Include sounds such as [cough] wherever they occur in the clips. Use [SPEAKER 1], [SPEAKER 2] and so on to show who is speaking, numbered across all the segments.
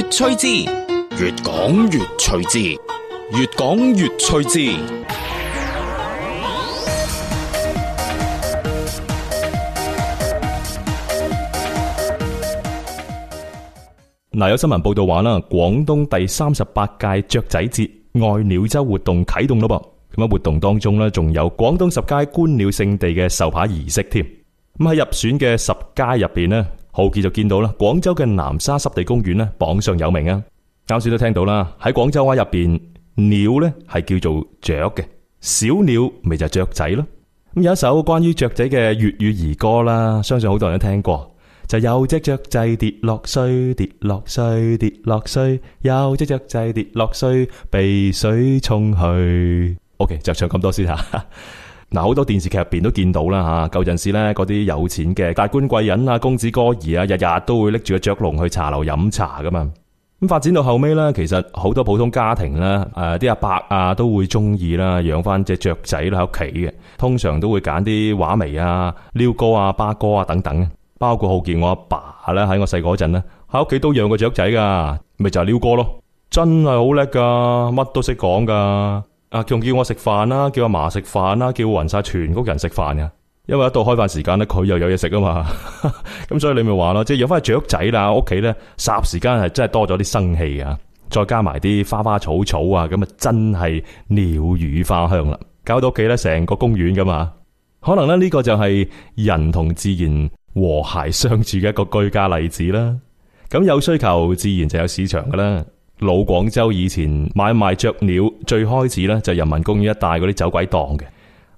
[SPEAKER 1] 越趣致，越講越趣致，越講越趣致。
[SPEAKER 2] 嗱，有新聞報道話啦，廣東第三十八屆雀仔節愛鳥周活動啟動咯噃。咁啊，活動當中咧，仲有廣東十佳觀鳥聖地嘅授牌儀式添。咁係入選嘅十佳入邊咧。浩傑，就見到啦！廣州嘅南沙濕地公園榜上有名啊！啱先都聽到啦，喺廣州話入邊，鳥呢係叫做雀嘅，小鳥咪就雀仔咯。咁有一首關於雀仔嘅粵語兒歌啦，相信好多人都聽過，就有隻雀仔跌落水，跌落水，跌落水，有隻雀仔跌落水，被水沖去。OK，就唱咁多先下。嗱，好多電視劇入邊都見到啦吓，舊陣時咧嗰啲有錢嘅達官貴人啊、公子哥兒啊，日日都會拎住個雀籠去茶樓飲茶噶嘛。咁發展到後尾咧，其實好多普通家庭呢，誒啲阿伯啊都會中意啦，養翻隻雀仔啦喺屋企嘅。通常都會揀啲畫眉啊、鷯哥啊、巴哥啊等等。包括好見我阿爸啦，喺我細個嗰陣咧，喺屋企都養過雀仔噶，咪就係鷯哥咯，真係好叻噶，乜都識講噶。啊，仲叫我食飯啦，叫阿嫲食飯啦，叫匀晒全屋人食飯啊，因為一到開飯時間咧，佢又有嘢食啊嘛， [laughs] 咁所以你咪話咯，即係有翻雀仔啦，屋企咧霎時間係真係多咗啲生氣啊，再加埋啲花花草草啊，咁啊真係鳥語花香啦，搞到屋企咧成個公園噶嘛，可能咧呢、呢個就係人同自然和諧相處嘅一個居家例子啦，咁有需求自然就有市場噶啦。老廣州以前買賣雀鳥最開始咧就係人民公園一帶嗰啲走鬼檔嘅，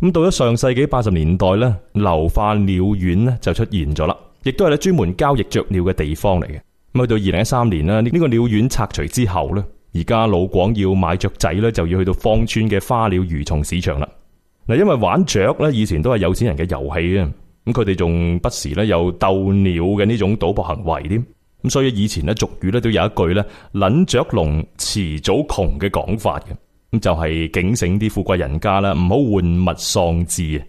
[SPEAKER 2] 咁到咗上世紀八十年代咧，流化鳥園咧就出現咗啦，亦都係咧專門交易雀鳥嘅地方嚟嘅。咁去到二零一三年啦，呢個鳥園拆除之後咧，而家老廣要買雀仔咧就要去到芳村嘅花鳥魚蟲市場啦。嗱，因為玩雀咧以前都係有錢人嘅遊戲啊，咁佢哋仲不時咧有鬥鳥嘅呢種賭博行為添。咁所以以前咧俗語咧都有一句咧，捻雀籠遲早窮嘅講法嘅，咁就係警醒啲富貴人家啦，唔好玩物喪志啊！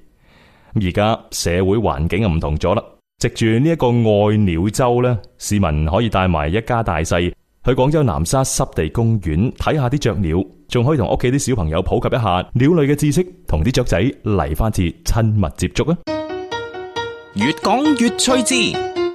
[SPEAKER 2] 咁而家社會環境又唔同咗啦，藉住呢一個愛鳥周咧，市民可以帶埋一家大細去廣州南沙濕地公園睇下啲雀鳥，仲可以同屋企啲小朋友普及一下鳥類嘅知識，同啲雀仔嚟翻次親密接觸啊！
[SPEAKER 1] 越講越趣致。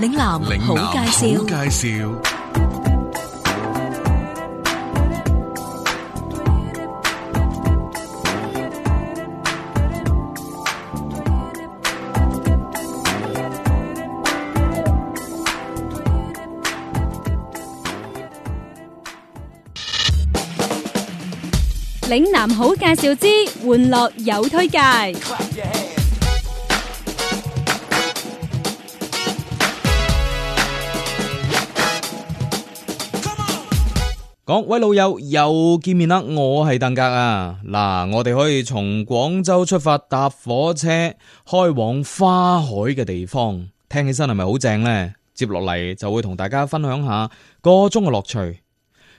[SPEAKER 3] 嶺南好介
[SPEAKER 4] 紹，
[SPEAKER 5] 嶺南好介紹之玩樂有推介。
[SPEAKER 6] 各位，老友又見面啦！我係鄧格啊。嗱，我哋可以從廣州出發搭火車開往花海嘅地方，聽起身係咪好正呢？接落嚟就會同大家分享下個中嘅樂趣。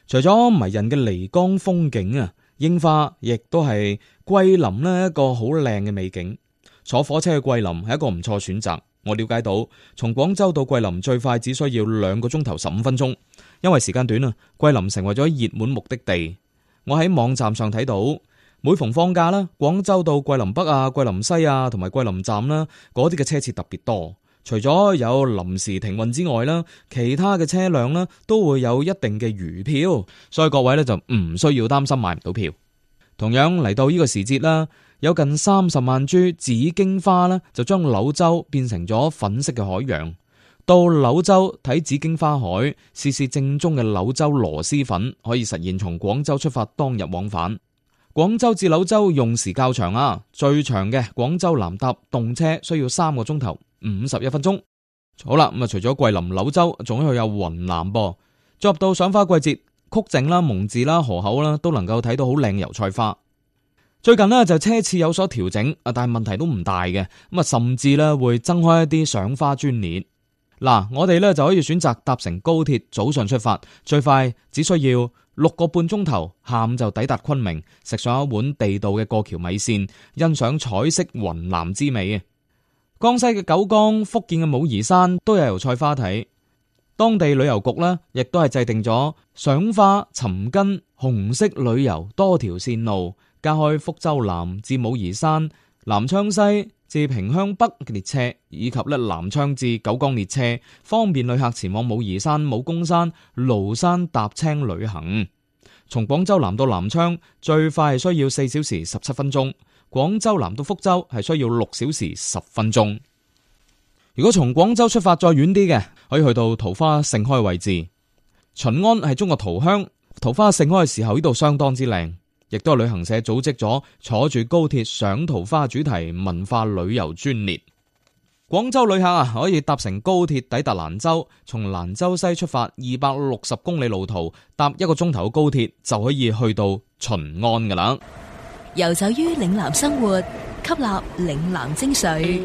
[SPEAKER 6] 除咗迷人嘅漓江風景啊，櫻花亦都係桂林呢一個好靚嘅美景。坐火車去桂林係一個唔錯選擇。我了解到，從廣州到桂林最快只需要兩個鐘頭十五分鐘，因為時間短啊，桂林成為咗熱門目的地。我喺網站上睇到，每逢放假啦，廣州到桂林北啊、桂林西啊同埋桂林站啦，嗰啲嘅車次特別多。除咗有臨時停運之外啦，其他嘅車輛都會有一定嘅餘票，所以各位咧就唔需要擔心買唔到票。同樣嚟到呢個時節啦。有近三十萬株紫荊花呢就將柳州變成咗粉色嘅海洋。到柳州睇紫荊花海，試試正宗嘅柳州螺螄粉，可以實現從廣州出發當日往返。廣州至柳州用時較長啊，最長嘅廣州南搭動車需要三個鐘頭五十一分鐘。好啦，咁啊，除咗桂林、柳州，仲去有雲南噃。進入到賞花季節，曲靖啦、蒙自啦、河口啦，都能夠睇到好靚油菜花。最近呢，就車次有所調整啊，但係問題都唔大嘅。咁啊，甚至咧會增開一啲賞花專列。嗱，我哋咧就可以選擇搭乘高鐵，早上出發，最快只需要六個半鐘頭，下午就抵達昆明，食上一碗地道嘅過橋米線，欣賞彩色雲南之美嘅。江西嘅九江、福建嘅武夷山都有油菜花睇。當地旅遊局呢，亦都係制定咗賞花尋根紅色旅遊多條線路。加開福州南至武夷山、南昌西至萍鄉北嘅列車，以及咧，南昌至九江列車，方便旅客前往武夷山、武功山、廬山踏青旅行。從廣州南到南昌最快係需要四小時十七分鐘，廣州南到福州係需要六小時十分鐘。如果從廣州出發再遠啲嘅，可以去到桃花盛開嘅位置。秦安係中國桃鄉，桃花盛開嘅時候呢度相當之靚。亦都係旅行社組織咗坐住高鐵上桃花主題文化旅遊專列，廣州旅客啊可以搭乘高鐵抵達蘭州，從蘭州西出發二百六十公里路途，搭一個鐘頭高鐵就可以去到秦安噶啦。
[SPEAKER 3] 遊走於嶺南生活，吸納嶺南精髓，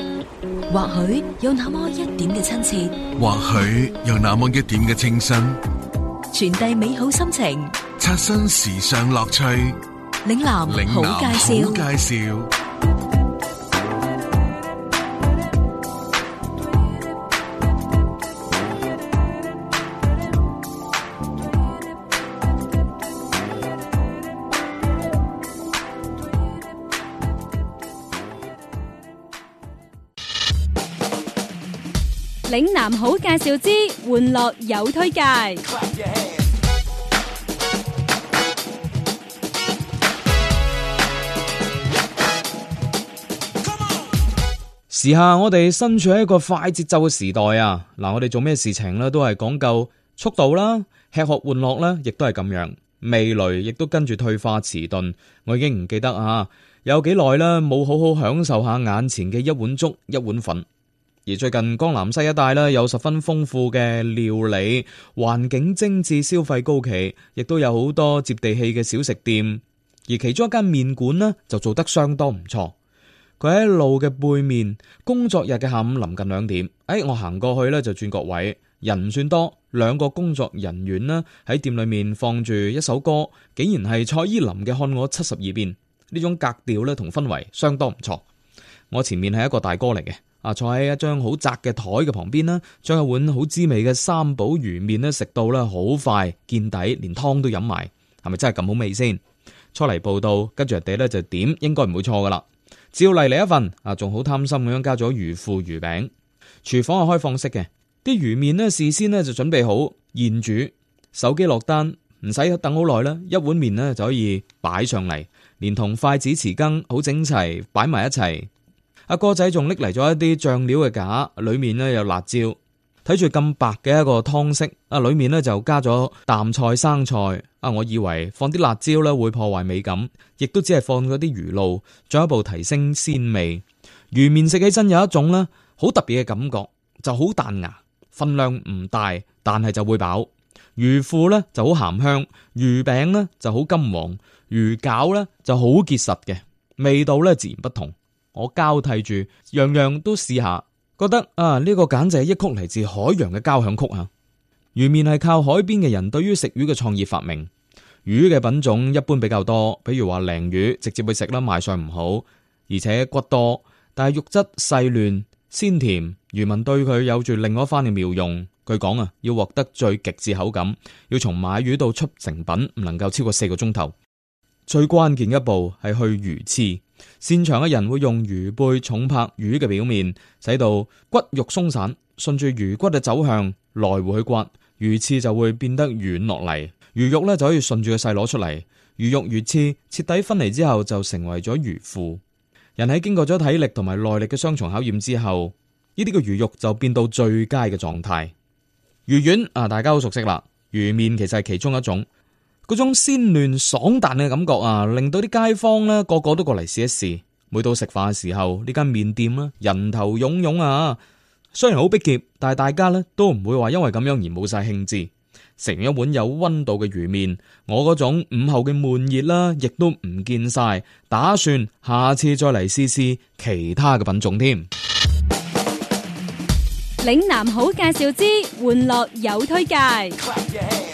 [SPEAKER 3] 或許有那麼一點嘅親切，
[SPEAKER 4] 或許有那麼一點嘅清新，
[SPEAKER 3] 傳遞美好心情，
[SPEAKER 4] 刷新時尚樂趣。
[SPEAKER 3] 嶺南好介紹，嶺南好介
[SPEAKER 4] 紹。
[SPEAKER 5] 嶺南好介紹之，玩樂有推介。
[SPEAKER 6] 時下我哋身處喺一個快節奏嘅時代啊，嗱、啊，我哋做咩事情呢都係講究速度啦，吃喝玩樂呢亦都係咁樣，味蕾亦都跟住退化遲鈍。我已經唔記得啊，有幾耐啦冇好好享受下眼前嘅一碗粥一碗粉。而最近江南西一帶呢有十分豐富嘅料理，環境精緻，消費高企，亦都有好多接地氣嘅小食店。而其中一間麵館呢，就做得相當唔錯。佢喺路嘅背面，工作日嘅下午臨近兩點，誒、哎，我行過去咧就轉角位，人唔算多，兩個工作人員呢喺店裏面放住一首歌，竟然係蔡依林嘅《看我七十二變》，呢種格調咧同氛圍相當唔錯。我前面係一個大哥嚟嘅，啊，坐喺一張好窄嘅台嘅旁邊啦，將一碗好滋味嘅三寶魚麵咧食到咧好快見底，連湯都飲埋，係咪真係咁好味先？初嚟報道，跟住人哋咧就點，應該唔會錯噶啦。照例嚟一份啊，仲好貪心咁樣加咗魚腐魚餅。廚房係開放式嘅，啲魚麵呢事先呢就準備好現煮。手機落單唔使等好耐啦，一碗麵呢就可以擺上嚟，連同筷子匙羹好整齊擺埋一齊。阿哥仔仲拎嚟咗一啲醬料嘅架，裏面呢有辣椒。睇住咁白嘅一個湯色，啊，裏面咧就加咗淡菜、生菜，啊，我以為放啲辣椒咧會破壞美感，亦都只係放咗啲魚露，進一步提升鮮味。魚麵食起身有一種咧好特別嘅感覺，就好彈牙，份量唔大，但係就會飽。魚腐咧就好鹹香，魚餅咧就好金黃，魚餃咧就好結實嘅，味道咧自然不同。我交替住樣樣都試下。覺得啊，呢、這個簡直係一曲嚟自海洋嘅交響曲啊！漁民係靠海邊嘅人對於食魚嘅創意發明，魚嘅品種一般比較多，比如話鯪魚，直接去食啦，賣相唔好，而且骨多，但係肉質細嫩鮮甜，漁民對佢有住另外一番嘅妙用。據講啊，要獲得最極致口感，要從買魚到出成品唔能夠超過四個鐘頭，最關鍵一步係去魚刺。擅長嘅人會用魚背重拍魚嘅表面，使到骨肉鬆散，順住魚骨嘅走向來回去刮，魚刺就會變得軟落嚟，魚肉咧就可以順住個勢攞出嚟。魚肉魚刺徹底分離之後，就成為咗魚腐。人喺經過咗體力同埋耐力嘅雙重考驗之後，呢啲個魚肉就變到最佳嘅狀態。魚丸啊，大家好熟悉啦，魚麵其實係其中一種。嗰種鮮嫩爽彈嘅感覺啊，令到啲街坊咧個個都過嚟試一試。每到食飯嘅時候，呢間麵店啦，人頭湧湧啊，雖然好逼怯，但係大家咧都唔會話因為咁樣而冇晒興致。食完一碗有溫度嘅魚麵，我嗰種午後嘅悶熱啦，亦都唔見晒。打算下次再嚟試試其他嘅品種添。
[SPEAKER 5] 嶺南好介紹之，玩樂有推介。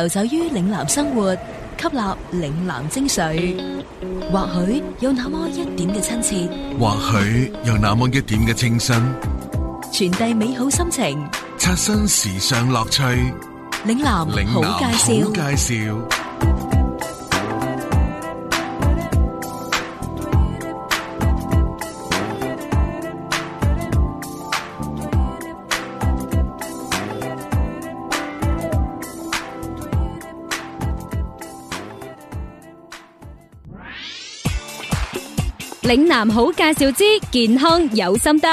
[SPEAKER 3] 遊走於嶺南生活，吸納嶺南精髓，或許有那麼一點嘅親切，
[SPEAKER 4] 或許有那麼一點嘅清新，
[SPEAKER 3] 傳遞美好心情，
[SPEAKER 4] 刷新時尚樂趣。
[SPEAKER 3] 嶺南好介
[SPEAKER 4] 紹。
[SPEAKER 5] 嶺南好介紹之健康有心得，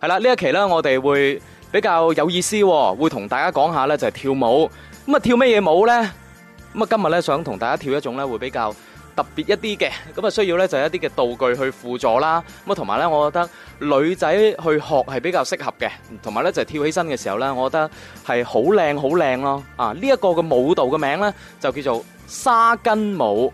[SPEAKER 6] 係啦，呢一期咧，我哋會比較有意思，會同大家講下咧就係跳舞，咁啊跳咩嘢舞咧？咁啊今日咧想同大家跳一種咧會比較特別一啲嘅，咁啊需要咧就係一啲嘅道具去輔助啦，咁啊同埋咧我覺得女仔去學係比較適合嘅，同埋咧就係跳起身嘅時候咧，我覺得係好靚好靚咯。啊，呢一個嘅舞蹈嘅名咧就叫做紗巾舞。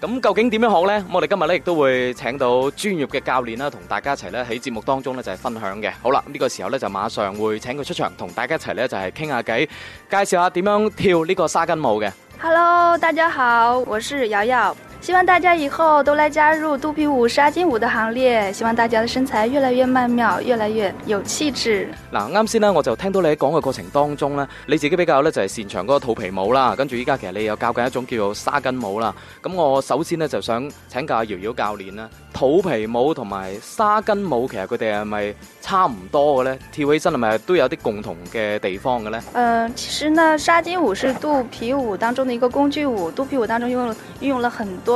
[SPEAKER 6] 咁究竟點樣好呢？我哋今日咧亦都會請到專業嘅教練啦、啊，同大家一齊咧喺節目當中咧就係、是、分享嘅。好啦，呢個時候咧就馬上會請佢出場，同大家一齊咧就係傾下偈，介紹下點樣跳呢個沙根舞嘅。
[SPEAKER 7] Hello，大家好，我是瑤瑤。希望大家以後都來加入肚皮舞、沙巾舞的行列。希望大家的身材越來越曼妙，越來越有氣質。
[SPEAKER 6] 嗱、啊，啱先呢，我就聽到你喺講嘅過程當中呢，你自己比較呢，就係、是、擅長嗰個肚皮舞啦，跟住依家其實你又教緊一種叫做沙巾舞啦。咁我首先呢，就想請教下瑤瑤教練啦，肚皮舞同埋沙巾舞，其實佢哋係咪差唔多嘅呢？跳起身係咪都有啲共同嘅地方嘅呢？嗯、
[SPEAKER 7] 呃，其實呢，沙巾舞是肚皮舞當中的一個工具舞，肚皮舞當中用運用了很多。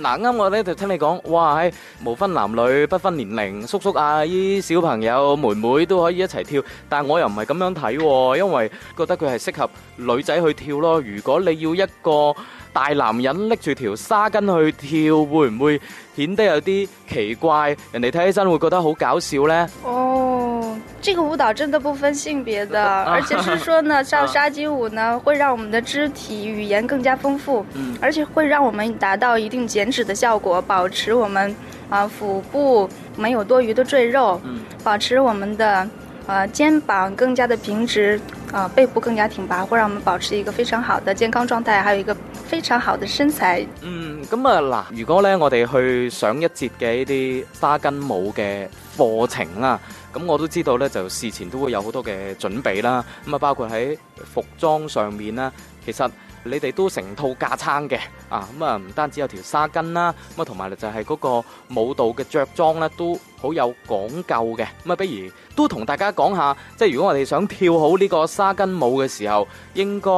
[SPEAKER 6] 嗱，啱我咧就聽你講，哇，係無分男女，不分年齡，叔叔啊，阿姨、小朋友、妹妹都可以一齊跳，但我又唔係咁樣睇，因為覺得佢係適合女仔去跳咯。如果你要一個，大男人拎住條沙巾去跳，會唔會顯得有啲奇怪？人哋睇起身會覺得好搞笑呢？
[SPEAKER 7] 哦，這個舞蹈真的不分性別的，而且是說呢，跳沙巾舞呢，會讓我們的肢體語言更加豐富、嗯，而且會讓我們達到一定減脂的效果，保持我們啊腹部沒有多餘的贅肉、嗯，保持我們的啊肩膀更加的平直。啊，背部更加挺拔，會讓我們保持一個非常好的健康狀態，還有一個非常好的身材。嗯，咁、嗯嗯、啊嗱，
[SPEAKER 6] 如果咧我哋去上一節嘅呢啲沙根舞嘅課程啦、啊，咁、嗯、我都知道咧就事前都會有好多嘅準備啦，咁、嗯、啊包括喺服裝上面啦、啊，其實。你哋都成套架撐嘅啊，咁啊唔單止有條紗巾啦，咁啊同埋就係嗰個舞蹈嘅着裝咧，都好有講究嘅。咁啊，不如都同大家講下，即係如果我哋想跳好呢個紗巾舞嘅時候，應該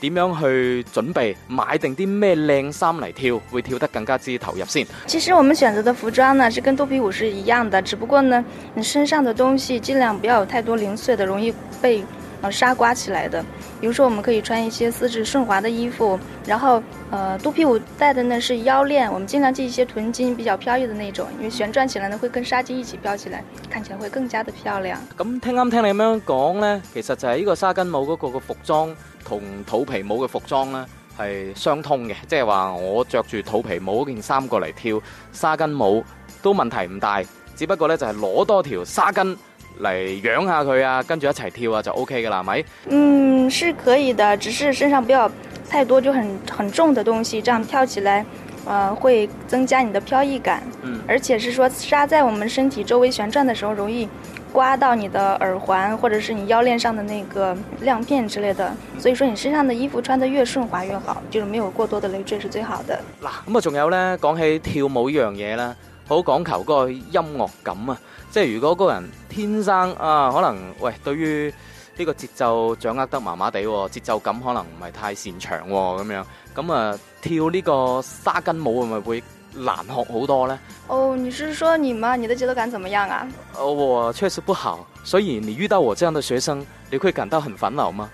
[SPEAKER 6] 點樣去準備買定啲咩靚衫嚟跳，會跳得更加之投入先。
[SPEAKER 7] 其實我們選擇的服裝呢，是跟肚皮舞是一樣的，只不過呢，你身上的東西儘量不要有太多零碎的，容易被啊沙刮起來的，比如說我們可以穿一些絲質順滑的衣服，然後，呃肚皮舞戴的呢是腰鏈，我們盡量繫一些臀巾比較飄逸的那種，因為旋轉起來呢會跟紗巾一起飄起來，看起來會更加的漂亮。
[SPEAKER 6] 咁、嗯、聽啱聽你咁樣講呢，其實就係呢個沙巾舞嗰個個服裝同肚皮舞嘅服裝呢係相通嘅，即係話我着住肚皮舞嗰件衫過嚟跳沙巾舞都問題唔大，只不過呢，就係攞多條紗巾。嚟養下佢啊，跟住一齊跳啊就 OK 噶啦，係咪？
[SPEAKER 7] 嗯，是可以的，只是身上不要太多就很很重的東西，這樣跳起來，呃，會增加你的飄逸感。嗯，而且是說紗在我們身體周圍旋轉的時候，容易刮到你的耳環，或者是你腰鏈上的那個亮片之類的。所以說你身上的衣服穿得越順滑越好，就是沒有過多的累贅是最好的。嗱，
[SPEAKER 6] 咁、嗯、啊，仲有咧，講起跳舞呢樣嘢啦。好講求個音樂感啊！即係如果嗰個人天生啊，可能喂對於呢個節奏掌握得麻麻地，節奏感可能唔係太擅長咁、哦、樣。咁、嗯、啊跳呢個沙根舞會唔會難學好多呢？
[SPEAKER 7] 哦，你是說你嗎？你的節奏感怎麼樣啊？
[SPEAKER 6] 哦、啊，我確實不好，所以你遇到我這樣的學生，你會感到很煩惱嗎？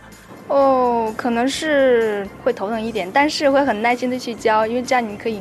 [SPEAKER 7] 哦，可能是會頭疼一點，但是會很耐心的去教，因為這樣你可以。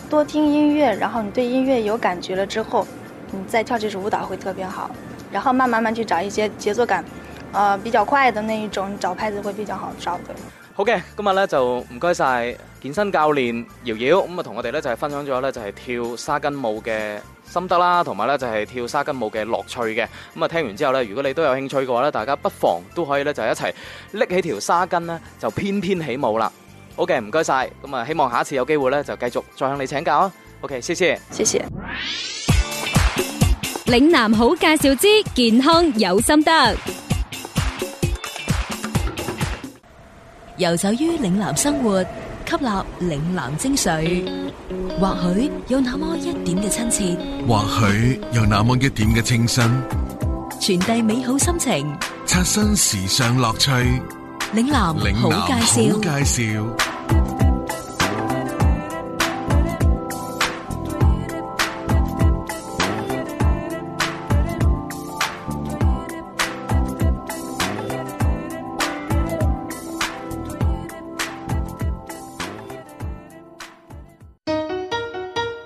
[SPEAKER 7] 多聽音樂，然後你對音樂有感覺了之後，你再跳這支舞蹈會特別好。然後慢慢慢去找一些節奏感，呃，比較快的那一種，找拍子會比較好找的。
[SPEAKER 6] 好嘅，今日咧就唔該晒健身教練瑤瑤，咁啊同我哋咧就係分享咗咧就係跳沙巾舞嘅心得啦，同埋咧就係跳沙巾舞嘅樂趣嘅。咁啊聽完之後咧，如果你都有興趣嘅話咧，大家不妨都可以咧就係一齊拎起條沙巾呢，就翩翩起舞啦。OK，唔該晒，咁啊，希望下一次有機會咧，就繼續再向你請教啊。OK，謝謝，謝謝。
[SPEAKER 5] 嶺南好介紹之健康有心得，
[SPEAKER 3] 遊走於嶺南生活，吸納嶺南精髓，或許有那麼一點嘅親切，
[SPEAKER 4] 或許有那麼一點嘅清新，
[SPEAKER 3] 傳遞美好心情，
[SPEAKER 4] 刷新時尚樂趣。
[SPEAKER 3] 嶺南好介紹，好介
[SPEAKER 4] 紹，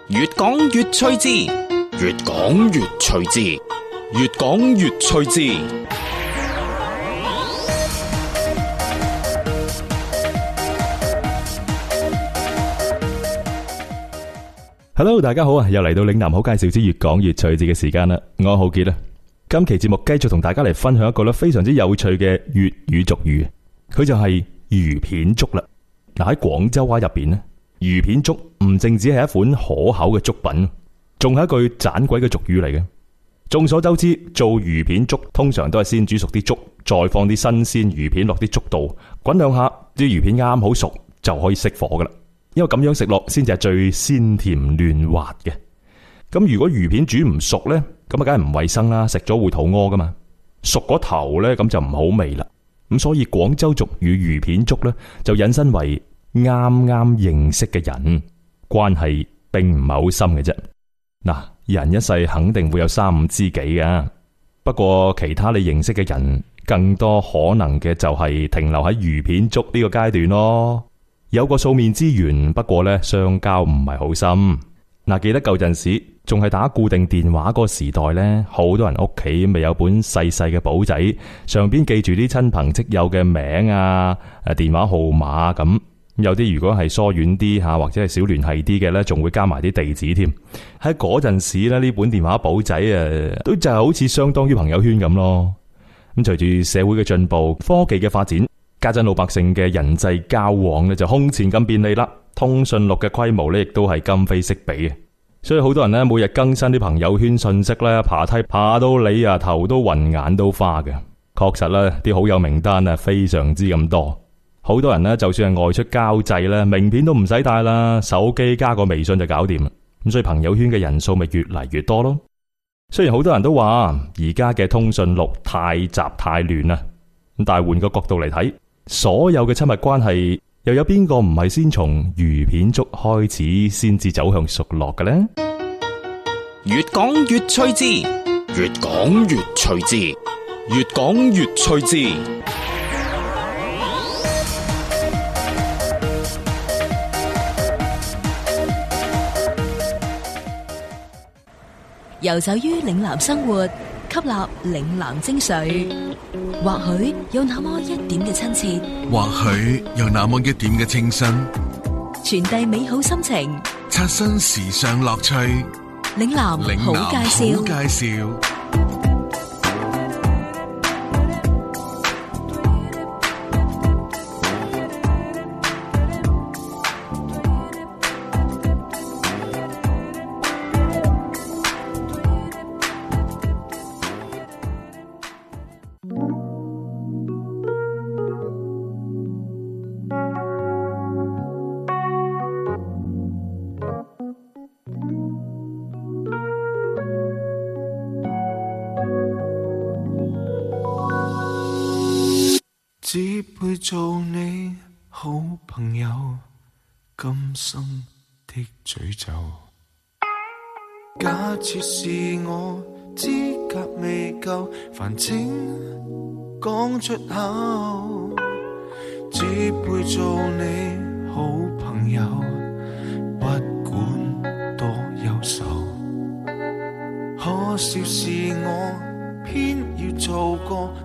[SPEAKER 1] 越講越趣致，越講越趣致，越講越趣致。
[SPEAKER 2] hello，大家好啊！又嚟到嶺南好介紹之越講越趣字嘅時間啦，我係浩杰啊。今期節目繼續同大家嚟分享一個咧非常之有趣嘅粵語俗語，佢就係魚片粥啦。嗱，喺廣州話入邊咧，魚片粥唔淨止係一款可口嘅粥品，仲係一句盞鬼嘅俗語嚟嘅。眾所周知，做魚片粥通常都係先煮熟啲粥，再放啲新鮮魚片落啲粥度滾兩下，啲魚片啱啱好熟就可以熄火噶啦。因為咁樣食落先至係最鮮甜嫩滑嘅，咁如果魚片煮唔熟咧，咁啊梗係唔衛生啦，食咗會肚屙噶嘛。熟嗰頭咧，咁就唔好味啦。咁所以廣州俗語魚片粥咧，就引申為啱啱認識嘅人，關係並唔係好深嘅啫。嗱，人一世肯定會有三五知己噶，不過其他你認識嘅人，更多可能嘅就係停留喺魚片粥呢個階段咯。有個素面之緣，不過咧，相交唔係好深。嗱、啊，記得舊陣時仲係打固定電話個時代咧，好多人屋企咪有本細細嘅簿仔，上邊記住啲親朋戚友嘅名啊、誒、啊、電話號碼咁、啊。有啲如果係疏遠啲吓，或者係少聯繫啲嘅咧，仲會加埋啲地址添。喺嗰陣時咧，呢本電話簿仔誒，都就係好似相當於朋友圈咁咯。咁隨住社會嘅進步，科技嘅發展。家陣老百姓嘅人際交往咧就空前咁便利啦，通訊錄嘅規模咧亦都係今非昔比啊。所以好多人咧每日更新啲朋友圈信息咧，爬梯爬到你啊頭都暈眼都花嘅。確實咧啲好友名單啊非常之咁多，好多人呢，就算係外出交際啦，名片都唔使帶啦，手機加個微信就搞掂啦。咁所以朋友圈嘅人數咪越嚟越多咯。雖然好多人都話而家嘅通訊錄太雜太亂啦，咁但係換個角度嚟睇。所有嘅親密關係，又有邊個唔係先從魚片粥開始，先至走向熟絡嘅呢？
[SPEAKER 1] 越講越趣致，越講越趣致，越講越趣致。
[SPEAKER 3] 遊走於嶺南生活。吸納嶺南精髓，或許有那麼一點嘅親切，
[SPEAKER 4] 或許有那麼一點嘅清新，
[SPEAKER 3] 傳遞美好心情，
[SPEAKER 4] 刷新時尚樂趣。
[SPEAKER 3] 嶺南，好介
[SPEAKER 4] 紹。
[SPEAKER 8] 只配做你好朋友，今生的詛咒。假設是我資格未夠，反正講出口。只配做你好朋友，不管多優秀。可笑是我偏要做個。